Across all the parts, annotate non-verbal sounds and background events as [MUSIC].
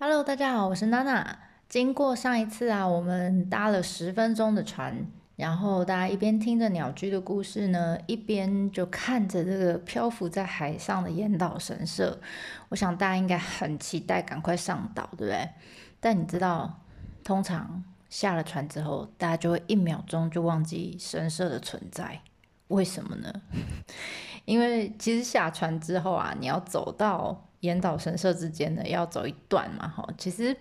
Hello，大家好，我是娜娜。經過上一次啊，我們搭了十分鐘的船，然後大家一邊聽着鳥居的故事呢，一邊就看着這個漂浮在海上的嚴島神社。我想大家應該很期待趕快上島，對不對？但你知道，通常下了船之後，大家就會一秒鐘就忘記神社的存在，為什麼呢？ [LAUGHS] 因為其實下船之後啊，你要走到。嚴島神社之間呢，要走一段嘛，哈，其實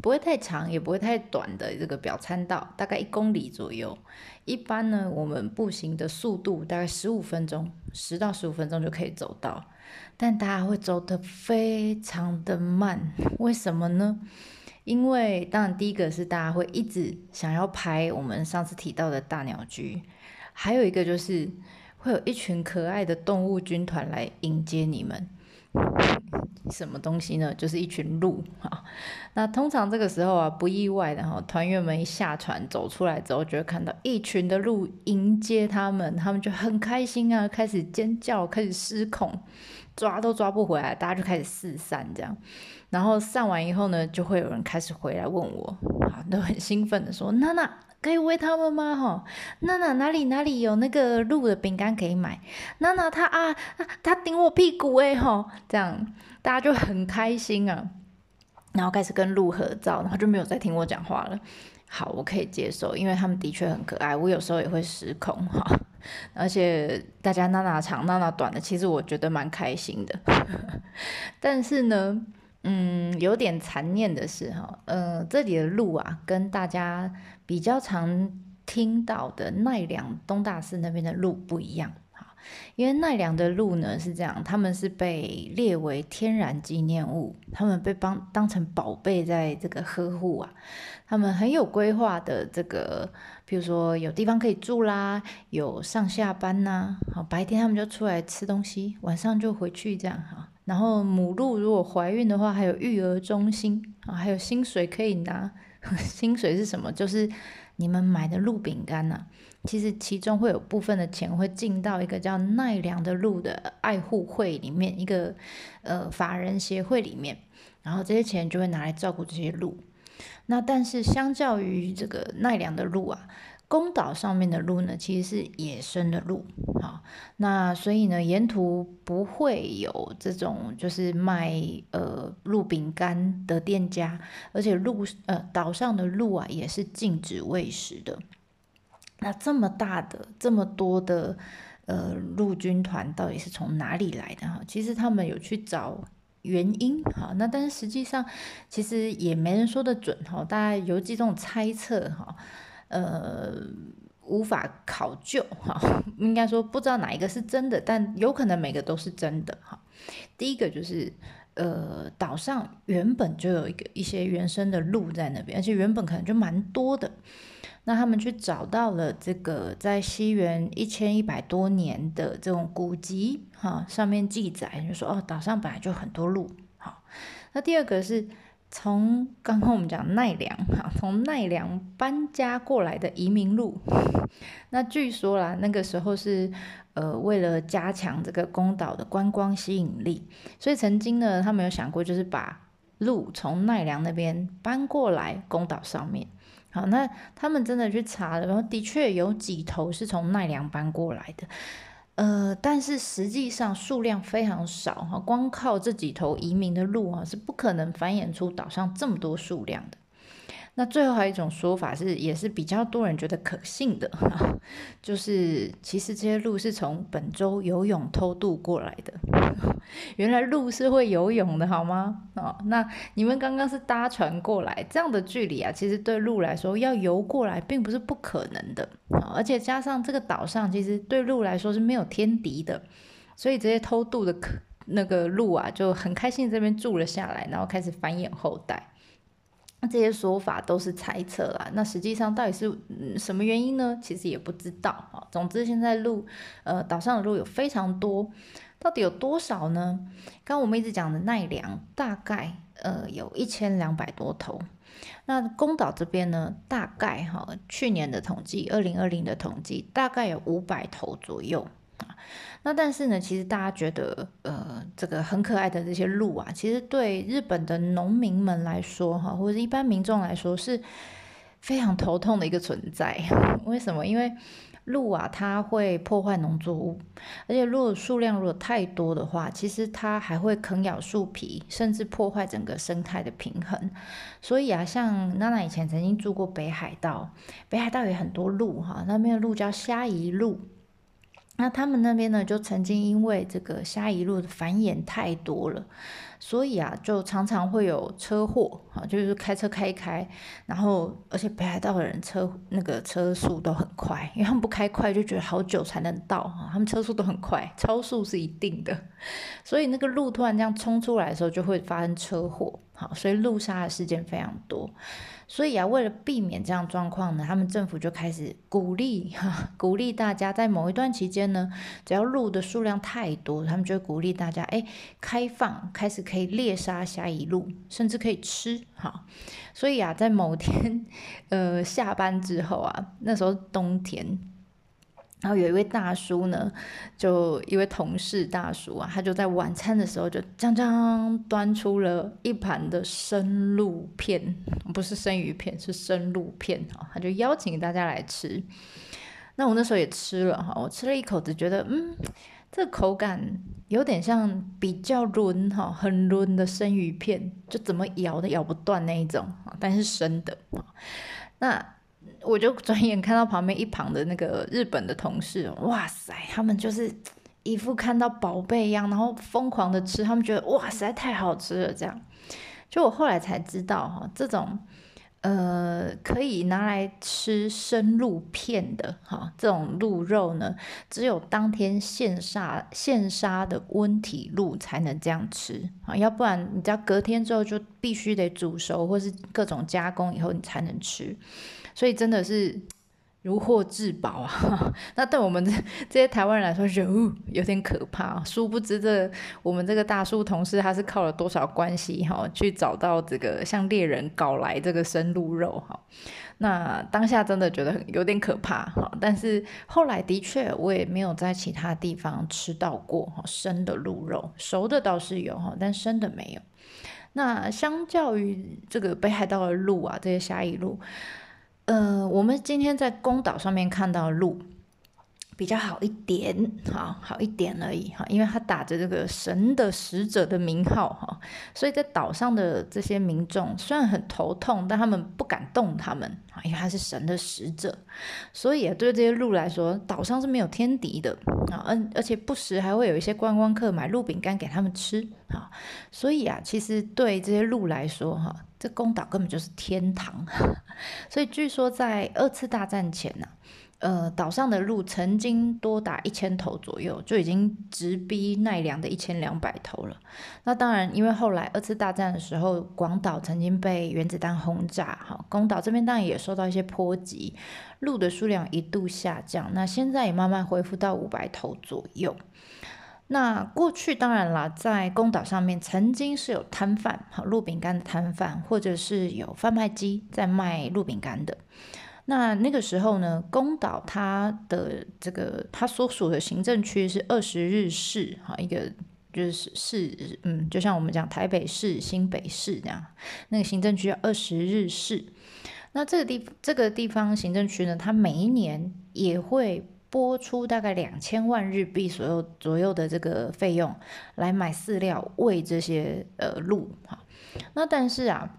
不會太長，也不會太短的。這個表參道大概一公里左右，一般呢，我們步行的速度大概十五分鐘，十到十五分鐘就可以走到。但大家會走得非常的慢，為什麼呢？因為當然第一個是大家會一直想要拍我們上次提到的大鳥居，還有一個就是會有一群可愛的動物軍團來迎接你們。什麼東西呢？就是一群鹿哈。那通常這個時候啊，不意外的哈，團員們一下船走出來之後，就會看到一群的鹿迎接他們，他們就很開心啊，開始尖叫，開始失控，抓都抓不回來，大家就開始四散這樣。然後散完以後呢，就會有人開始回來問我，哈，都很興奮的說：“娜娜。”可以餵他們嗎？吼，娜娜哪裡哪裡有那個鹿的餅乾可以買？娜娜他啊她他頂我屁股誒、欸。吼，這樣大家就很開心啊。然後開始跟鹿合照，然後就沒有再聽我講話了。好，我可以接受，因為他們的確很可愛。我有時候也會失控哈。而且大家娜娜長娜娜短的，其實我覺得蠻開心的。 [LAUGHS] 但是呢，嗯，有點殘念的是哈，嗯、呃，這裡的鹿啊，跟大家比較常聽到的奈良東大寺那邊的鹿不一樣哈，因為奈良的鹿呢是這樣，他們是被列為天然紀念物，他們被幫當成寶貝在這個呵護啊，他們很有規劃的這個，比如說有地方可以住啦，有上下班吶、啊，好白天他們就出來吃東西，晚上就回去這樣哈，然後母鹿如果懷孕的話，還有育兒中心啊，還有薪水可以拿。薪水是什麼？就是你們買的鹿餅乾呢。其實其中會有部分的錢會進到一個叫奈良的鹿的愛護會裡面，一個呃法人協會裡面，然後這些錢就會拿來照顧這些鹿。那但是相較於這個奈良的鹿啊。宮島上面的鹿呢，其實是野生的鹿，好，那所以呢，沿途不會有這種就是賣呃鹿餅乾的店家，而且鹿呃島上的鹿啊也是禁止餵食的。那這麼大的這麼多的呃鹿軍團到底是從哪裡來的哈？其實他們有去找原因哈，那但是實際上其實也沒人說得準哈，大家有幾種猜測哈。呃，無法考究哈，應該說不知道哪一個是真的，但有可能每個都是真的哈。第一個就是，呃，島上原本就有一個一些原生的鹿在那邊，而且原本可能就蠻多的。那他們去找到了這個在西元一千一百多年的這種古籍哈，上面記載就是說哦，島上本來就很多鹿。哈，那第二個是。從剛剛我們講奈良啊，從奈良搬家過來的移民鹿。那據說啦，那個時候是呃為了加強這個宮島的觀光吸引力，所以曾經呢，他們有想過就是把鹿從奈良那邊搬過來宮島上面。好，那他們真的去查了，然後的確有幾頭是從奈良搬過來的。呃，但是實際上數量非常少哈，光靠這幾頭移民的鹿啊，是不可能繁衍出島上這麼多數量的。那最後還有一種說法是，也是比較多人覺得可信的，就是其實這些鹿是從本州游泳偷渡過來的。原來鹿是會游泳的，好嗎？哦，那你們剛剛是搭船過來，這樣的距離啊，其實對鹿來說要游過來並不是不可能的。而且加上這個島上其實對鹿來說是沒有天敵的，所以這些偷渡的可那個鹿啊就很開心，這邊住了下來，然後開始繁衍後代。那這些說法都是猜測啦、啊。那實際上到底是嗯什麼原因呢？其實也不知道啊。總之現在鹿，呃，島上的鹿有非常多，到底有多少呢？剛,剛我們一直講的奈良大概呃有一千兩百多頭，那宮島這邊呢，大概哈、哦、去年的統計，二零二零的統計大概有五百頭左右。那但是呢，其實大家覺得，呃，這個很可愛的這些鹿啊，其實對日本的農民們來說，哈，或者是一般民眾來說，是非常頭痛的一個存在。為什麼？因為鹿啊，它會破壞農作物，而且鹿的數量如果太多的話，其實它還會啃咬樹皮，甚至破壞整個生態的平衡。所以啊，像娜娜以前曾經住過北海道，北海道有很多鹿哈、啊，那邊的鹿叫蝦夷鹿。那他們那邊呢，就曾經因為這個蝦夷鹿的繁衍太多了，所以啊，就常常會有車禍啊，就是開車開一開，然後而且北海道的人車那個車速都很快，因為他們不開快就覺得好久才能到啊，他們車速都很快，超速是一定的，所以那個鹿突然這樣衝出來的時候，就會發生車禍。好，所以鹿殺的事件非常多，所以啊，為了避免這樣狀況呢，他們政府就開始鼓勵，鼓勵大家在某一段期間呢，只要鹿的數量太多，他們就會鼓勵大家，哎、欸，開放開始可以獵殺下一路，甚至可以吃。哈，所以啊，在某天，呃，下班之後啊，那時候冬天。然後有一位大叔呢，就一位同事大叔啊，他就在晚餐的時候就將將端出了一盤的生鹿片，不是生魚片，是生鹿片哈，他就邀請大家來吃。那我那時候也吃了哈，我吃了一口，只覺得嗯，這個、口感有點像比較韌哈，很韌的生魚片，就怎麼咬都咬不斷那一種，但是生的哈，那。我就轉眼看到旁邊一旁的那個日本的同事，哇塞，他們就是一副看到寶貝一樣，然後瘋狂的吃，他們覺得哇塞太好吃了。這樣，就我後來才知道哈，這種呃可以拿來吃生鹿片的哈，這種鹿肉呢，只有當天現殺現殺的溫體鹿才能這樣吃啊，要不然你知道隔天之後就必須得煮熟或是各種加工以後你才能吃。所以真的是如獲至寶啊！ [LAUGHS] 那對我們這些台灣人來說，有點可怕。殊不知，這我們這個大叔同事他是靠了多少關係哈，去找到這個向獵人搞來這個生鹿肉哈。那當下真的覺得有點可怕哈。但是後來的確，我也沒有在其他地方吃到過哈生的鹿肉，熟的倒是有哈，但生的沒有。那相較於這個北海道的鹿啊，這些蝦夷鹿。呃，我們今天在宮島上面看到的鹿比較好一點，好好一點而已哈。因為它打着這個神的使者的名號哈，所以在島上的這些民眾雖然很頭痛，但他們不敢動他們，因為他是神的使者。所以啊，對這些鹿來說，島上是沒有天敵的啊。而而且不時還會有一些觀光客買鹿餅乾給他們吃啊。所以啊，其實對這些鹿來說哈。這宮島根本就是天堂， [LAUGHS] 所以據說在二次大戰前吶、啊，呃，島上的鹿曾經多達一千頭左右，就已經直逼奈良的一千兩百頭了。那當然，因為後來二次大戰的時候，廣島曾經被原子彈轟炸，哈，宮島這邊當然也受到一些波及，鹿的數量一度下降。那現在也慢慢恢復到五百頭左右。那過去當然啦，在宮島上面曾經是有攤販，哈，鹿餅乾的攤販，或者是有販賣機在賣鹿餅乾的。那那個時候呢，宮島它的這個它所屬的行政區是二十日市，哈，一個就是市，嗯，就像我們講台北市、新北市這樣，那個行政區叫二十日市。那這個地這個地方行政區呢，它每一年也會。撥出大概兩千萬日幣左右，左右的這個費用，來買飼料餵這些呃鹿哈。那但是啊，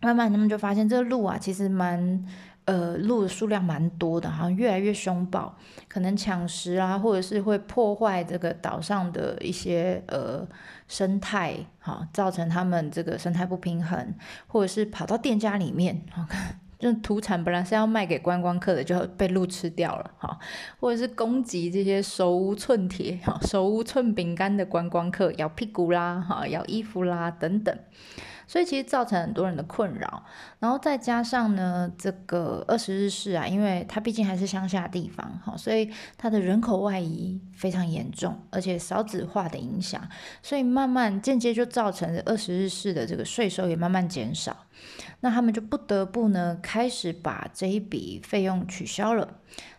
慢慢他們就發現這個鹿啊其實蠻呃鹿的數量蠻多的，好像越來越凶暴，可能搶食啊，或者是會破壞這個島上的一些呃生態哈，造成他們這個生態不平衡，或者是跑到店家裡面。呵呵那土產本來是要賣給觀光客的，就被鹿吃掉了哈，或者是攻擊這些手無寸鐵、手無寸餅乾的觀光客，咬屁股啦，哈咬衣服啦等等，所以其實造成很多人的困擾。然後再加上呢，這個二十日市啊，因為它畢竟還是鄉下地方哈，所以它的人口外移非常嚴重，而且少子化的影響，所以慢慢間接就造成二十日市的這個稅收也慢慢減少。那他們就不得不呢，開始把這一筆費用取消了，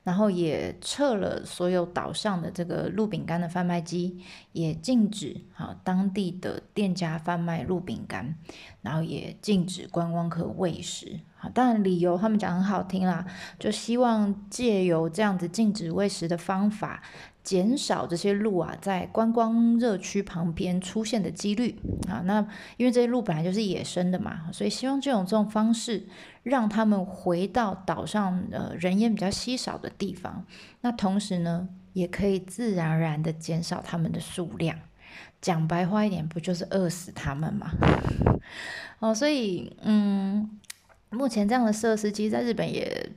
然後也撤了所有島上的這個鹿餅乾的販賣機，也禁止啊當地的店家販賣鹿餅乾，然後也禁止觀光客餵食。啊，當然理由他們講很好聽啦，就希望借由這樣子禁止餵食的方法。減少這些鹿啊在觀光熱區旁邊出現的幾率啊，那因為這些鹿本來就是野生的嘛，所以希望這種這種方式讓他們回到島上，呃，人煙比較稀少的地方，那同時呢也可以自然而然的減少它們的數量。講白話一點，不就是餓死它們嗎？哦，所以嗯。目前這樣的設施，其實在日本也，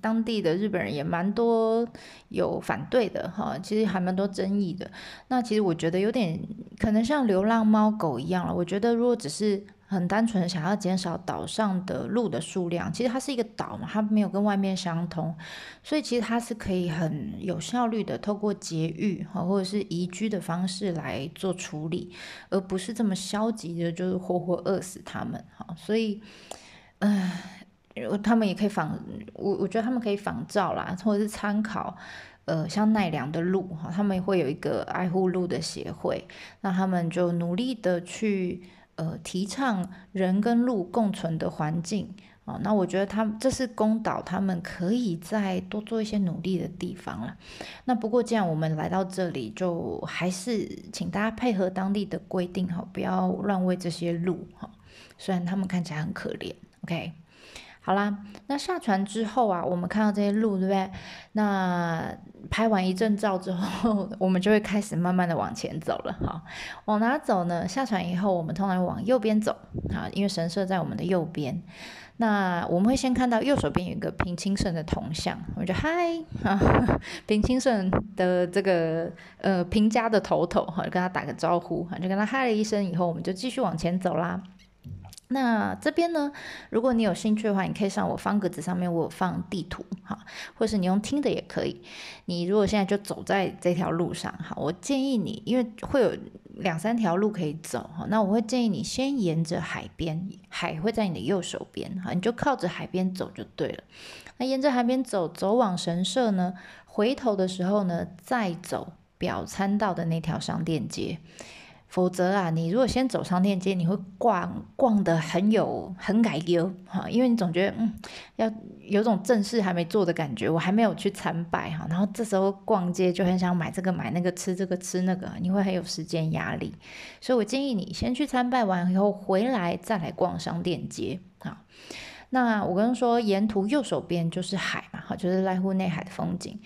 當地的日本人也蠻多有反對的哈，其實還蠻多爭議的。那其實我覺得有點可能像流浪貓狗一樣了。我覺得如果只是很單純想要減少島上的鹿的數量，其實它是一個島嘛，它沒有跟外面相通，所以其實它是可以很有效率的，透過節育哈或者是移居的方式來做處理，而不是這麼消極的，就是活活餓死它們哈。所以。唉、呃，他們也可以仿我，我覺得他們可以仿照啦，或者是參考，呃，像奈良的鹿哈，他們會有一個愛護鹿的協會，那他們就努力的去呃提倡人跟鹿共存的環境啊、喔。那我覺得他這是宮島他們可以再多做一些努力的地方了。那不過既然我們來到這裡，就還是請大家配合當地的規定哈、喔，不要亂餵這些鹿哈、喔，雖然他們看起來很可憐。OK，好啦，那下船之後啊，我們看到這些路，對不對？那拍完一陣照之後， [LAUGHS] 我們就會開始慢慢的往前走了。哈，往哪走呢？下船以後，我們通常往右邊走，好，因為神社在我們的右邊。那我們會先看到右手邊有一個平清盛的銅像，我們就嗨啊，平清盛的這個呃平家的頭頭，哈，跟他打個招呼，哈，就跟他嗨了一聲以後，我們就繼續往前走啦。那這邊呢，如果你有興趣的話，你可以上我方格子上面，我有放地圖哈，或是你用聽的也可以。你如果現在就走在這條路上哈，我建議你，因為會有兩三條路可以走哈，那我會建議你先沿着海邊，海會在你的右手邊哈，你就靠着海邊走就對了。那沿着海邊走，走往神社呢，回頭的時候呢，再走表參道的那條商店街。否則啊，你如果先走商店街，你會逛逛得很有很感覺哈，因為你總覺得嗯，要有種正事還沒做的感覺，我還沒有去參拜哈，然後這時候逛街就很想買這個買那個吃這個吃那個，你會很有時間壓力，所以我建議你先去參拜完以後回來再來逛商店街啊。那我剛剛說，沿途右手邊就是海嘛，好，就是瀨戶內海的風景。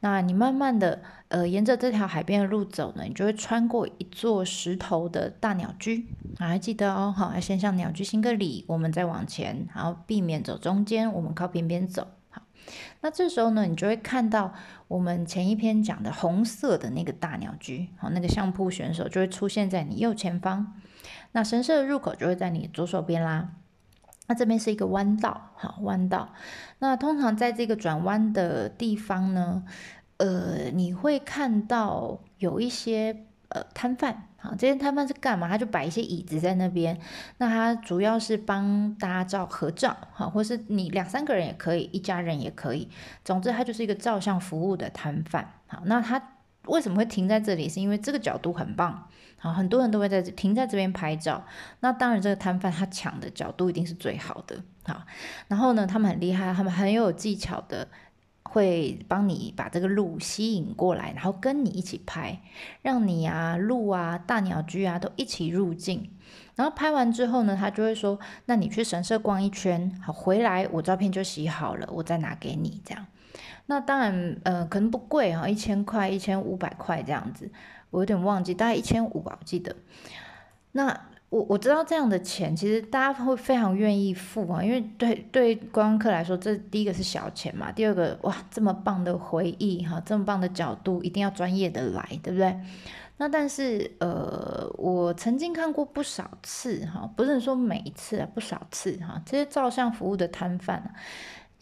那你慢慢的，呃，沿着這條海邊的路走呢，你就會穿過一座石頭的大鳥居，啊，還記得哦，好，要先向鳥居行個禮，我們再往前，然後避免走中間，我們靠邊邊走。好，那這時候呢，你就會看到我們前一篇講的紅色的那個大鳥居，好，那個相撲選手就會出現在你右前方，那神社的入口就會在你左手邊啦。那這邊是一個彎道，好，彎道。那通常在這個轉彎的地方呢，呃，你會看到有一些呃攤販，好，這些攤販是幹嘛？他就擺一些椅子在那邊，那他主要是幫大家照合照，好，或是你兩三個人也可以，一家人也可以，總之他就是一個照相服務的攤販，好，那他。為什麼會停在這裡？是因為這個角度很棒，好，很多人都會在這停在這邊拍照。那當然，這個攤販他搶的角度一定是最好的，好。然後呢，他們很厲害，他們很有技巧的，會幫你把這個鹿吸引過來，然後跟你一起拍，讓你啊鹿啊大鳥居啊都一起入鏡。然後拍完之後呢，他就會說：那你去神社逛一圈，好，回來我照片就洗好了，我再拿給你這樣。那當然，呃，可能不貴哈，一千塊、一千五百塊這樣子，我有點忘記，大概一千五吧，我記得。那我我知道這樣的錢，其實大家會非常願意付啊，因為對對觀光客來說，這第一個是小錢嘛，第二個哇，這麼棒的回憶哈，這麼棒的角度，一定要專業的來，對不對？那但是呃，我曾經看過不少次哈，不是說每一次啊，不少次哈，這些照相服務的攤販。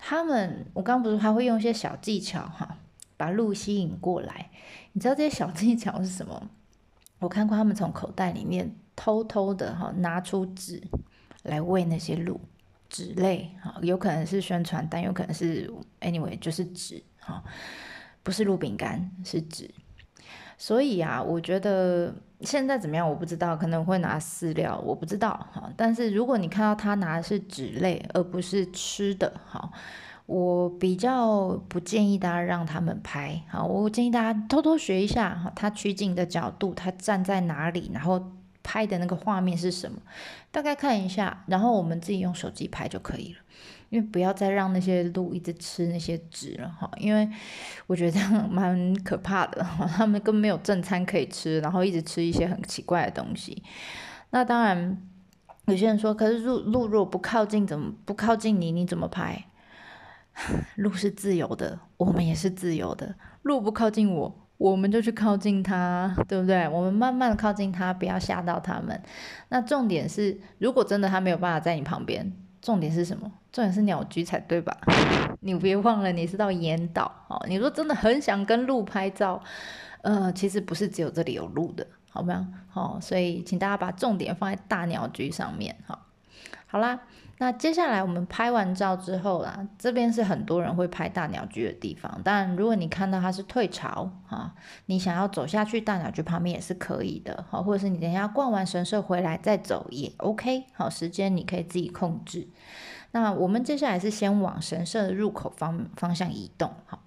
他們，我剛不是還會用一些小技巧哈，把鹿吸引過來。你知道這些小技巧是什麼？我看過他們從口袋裡面偷偷的哈拿出紙來餵那些鹿，紙類啊，有可能是宣傳單，有可能是 anyway 就是紙哈，不是鹿餅乾，是紙。所以啊，我覺得現在怎麼樣，我不知道，可能會拿飼料，我不知道哈。但是如果你看到他拿的是紙類而不是吃的，哈，我比較不建議大家讓他們拍。好，我建議大家偷偷學一下，哈，他取景的角度，他站在哪裡，然後。拍的那個畫面是什麼？大概看一下，然後我們自己用手機拍就可以了。因為不要再讓那些鹿一直吃那些紙了哈，因為我覺得這樣蠻可怕的。他們根本沒有正餐可以吃，然後一直吃一些很奇怪的東西。那當然，有些人說，可是鹿鹿如果不靠近，怎麼不靠近你，你怎麼拍？鹿是自由的，我們也是自由的。鹿不靠近我。我們就去靠近它，對不對？我們慢慢的靠近它，不要嚇到它們。那重點是，如果真的它沒有辦法在你旁邊，重點是什麼？重點是鳥居才對吧？你別忘了你是到嚴島哦。你說真的很想跟鹿拍照，呃，其實不是只有這裡有鹿的，好嗎？好、哦，所以請大家把重點放在大鳥居上面，哈、哦。好啦，那接下來我們拍完照之後啦，這邊是很多人會拍大鳥居的地方。但如果你看到它是退潮啊，你想要走下去大鳥居旁邊也是可以的，好，或者是你等一下逛完神社回來再走也 OK，好，時間你可以自己控制。那我們接下來是先往神社的入口方方向移動，好。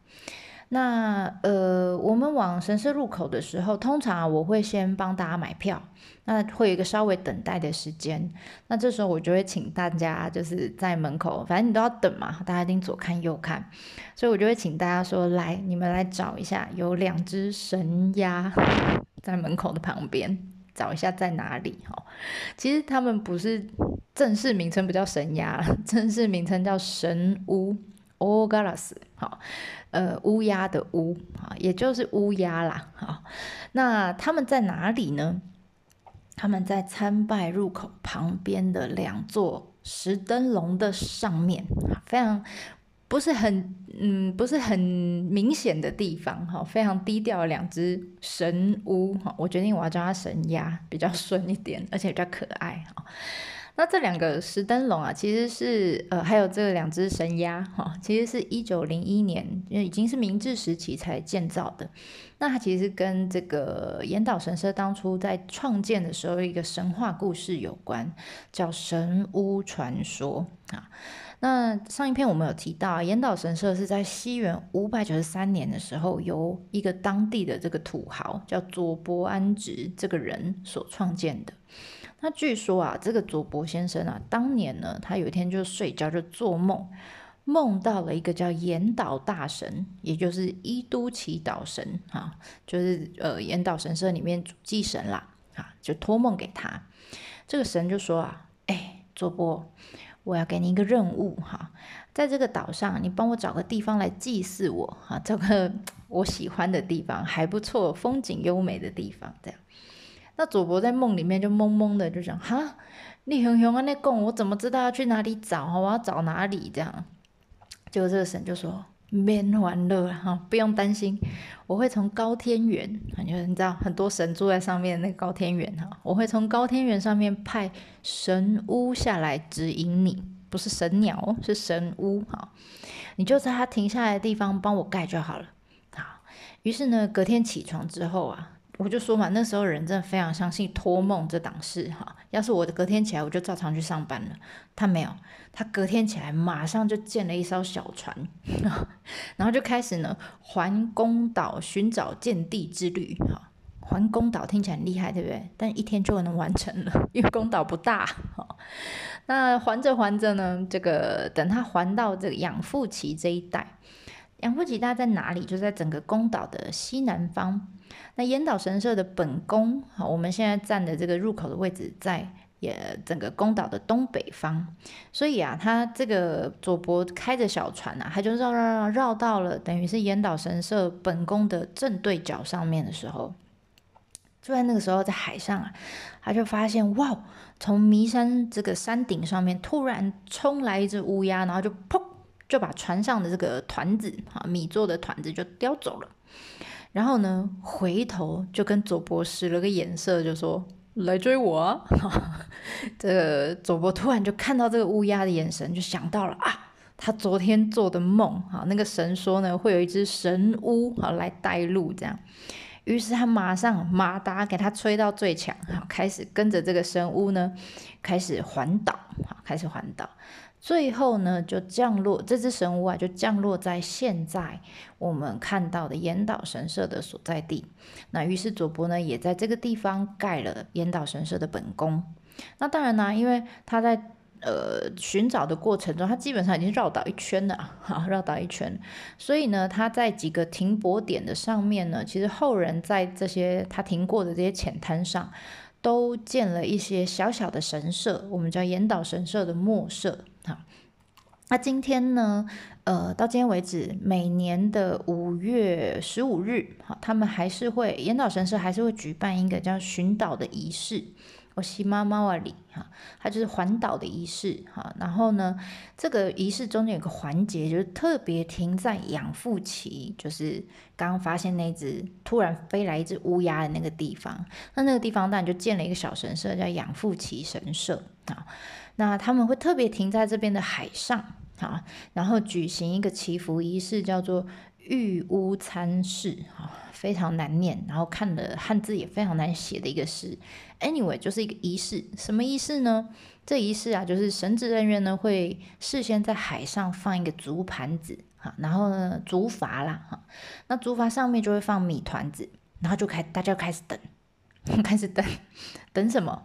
那呃、我們往神社入口的時候，通常我會先幫大家買票，那會有一個稍微等待的時間。那這時候我就會請大家就是在門口，反正你都要等嘛，大家一定左看右看，所以我就會請大家說，來，你們來找一下，有兩只神鴉在門口的旁邊，找一下在哪裡哈。其實他們不是正式名稱，不叫神鴉，正式名稱叫神烏。哦，嘎拉斯好，呃、嗯，烏鴉的烏啊，也就是烏鴉啦。好，那他們在哪裡呢？他們在參拜入口旁邊的兩座石燈籠的上面，非常不是很嗯，不是很明顯的地方，非常低調的兩只神烏，我決定我要叫它神鴉，比較順一點，而且比較可愛。那這兩個石燈籠啊，其實是呃，還有這兩只神鴉哈，其實是一九零一年，因為已經是明治時期才建造的。那它其實跟這個嚴島神社當初在創建的時候一個神話故事有關，叫神屋傳說啊。那上一篇我們有提到、啊，嚴島神社是在西元五百九十三年的時候，由一個當地的這個土豪叫佐伯安直這個人所創建的。那據說啊，這個佐伯先生啊，當年呢，他有一天就睡覺就做夢，夢到了一個叫嚴島大神，也就是伊都岐島神啊，就是呃嚴島神社裡面主祭神啦啊，就托夢給他，這個神就說啊，哎、欸，佐伯。我要給你一個任務哈，在這個島上，你幫我找個地方來祭祀我哈，找個我喜歡的地方，還不錯，風景優美的地方這樣。那佐伯在夢裡面就懵懵的，就想哈，你很凶啊，那貢我怎麼知道要去哪裡找？我要找哪裡這樣？就這個神就說。邊玩樂哈，不用擔心，我會從高天原，因為你知道很多神住在上面那個高天原哈，我會從高天原上面派神烏下來指引你，不是神鳥，是神烏哈，你就在他停下來的地方幫我蓋就好了。好，於是呢，隔天起床之後啊。我就說嘛，那時候人真的非常相信托夢這檔事哈。要是我的隔天起來，我就照常去上班了。他沒有，他隔天起來馬上就建了一艘小船，然後就開始呢環宮島尋找建地之旅哈。環宮島聽起來很厲害，對不對？但一天就能完成了，因為宮島不大哈。那環着環着呢，這個等他環到這個養父崎這一帶，養父崎大概在哪裡？就在整個宮島的西南方。那嚴島神社的本宮好，我們現在站的這個入口的位置在，在也整個宮島的東北方，所以啊，他這個佐伯開着小船啊，他就繞繞繞繞到了，等於是嚴島神社本宮的正對角上面的時候，就在那個時候在海上啊，他就發現哇，從彌山這個山頂上面突然衝來一隻烏鴉，然後就砰，就把船上的這個團子啊，米做的團子就叼走了。然後呢，回頭就跟佐伯使了個眼色，就說：“來追我啊！” [LAUGHS] 這個佐伯突然就看到這個烏鴉的眼神，就想到了啊，他昨天做的夢啊，那個神說呢，會有一隻神烏啊來帶路，這樣，於是他馬上馬達給他吹到最強，哈，開始跟着這個神烏呢，開始環島，哈，開始環島。最後呢，就降落這隻神鴉啊，就降落在現在我們看到的嚴島神社的所在地。那於是佐伯呢，也在這個地方蓋了嚴島神社的本宮。那當然呢、啊，因為他在呃尋找的過程中，他基本上已經繞島一圈了，哈，繞島一圈。所以呢，他在幾個停泊點的上面呢，其實後人在這些他停過的這些淺灘上。都建了一些小小的神社，我們叫嚴島神社的末社。好，那今天呢，呃，到今天為止，每年的五月十五日，好，他們還是會嚴島神社還是會舉辦一個叫尋島的儀式。哦，西媽媽瓦里哈，它就是環島的儀式哈。然後呢，這個儀式中間有個環節，就是特別停在養父崎，就是剛發現那隻突然飛來一隻烏鴉的那個地方。那那個地方當然就建了一個小神社，叫養父崎神社啊。那他們會特別停在這邊的海上啊，然後舉行一個祈福儀式，叫做御烏喰式啊，非常難念，然後看了漢字也非常難寫的一個事。Anyway，就是一個儀式，什麼儀式呢？這儀式啊，就是神職人員呢會事先在海上放一個竹盤子，哈，然後呢竹筏啦，哈，那竹筏上面就會放米團子，然後就開大家就開始等，開始等等什麼？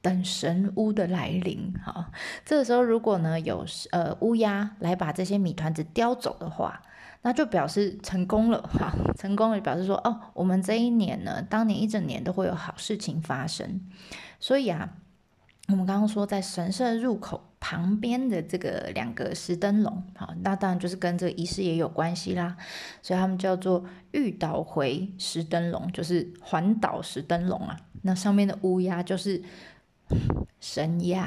等神烏的來臨，哈。這個時候如果呢有呃烏鴉來把這些米團子叼走的話。那就表示成功了哈，成功了表示說哦，我們這一年呢，當年一整年都會有好事情發生。所以啊，我們剛剛說在神社入口旁邊的這個兩個石燈籠，好，那當然就是跟這個儀式也有關係啦。所以他們叫做御島回石燈籠，就是環島石燈籠啊。那上面的烏鴉就是神鴉，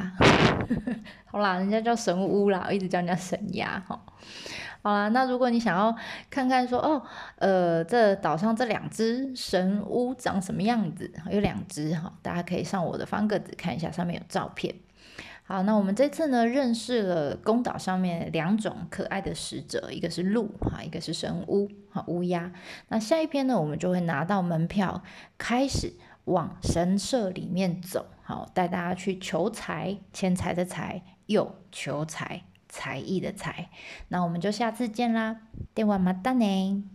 [LAUGHS] 好啦，人家叫神烏啦，我一直叫人家神鴉哈。好啦，那如果你想要看看說哦，呃，這島上這兩隻神烏長什麼樣子？有兩隻哈，大家可以上我的方格子看一下，上面有照片。好，那我們這次呢，認識了宮島上面兩種可愛的使者，一個是鹿哈，一個是神烏哈烏鴉。那下一篇呢，我們就會拿到門票，開始往神社裡面走，好，帶大家去求財，錢財的財，又求財。才藝的才，那我們就下次見啦，ではまたね。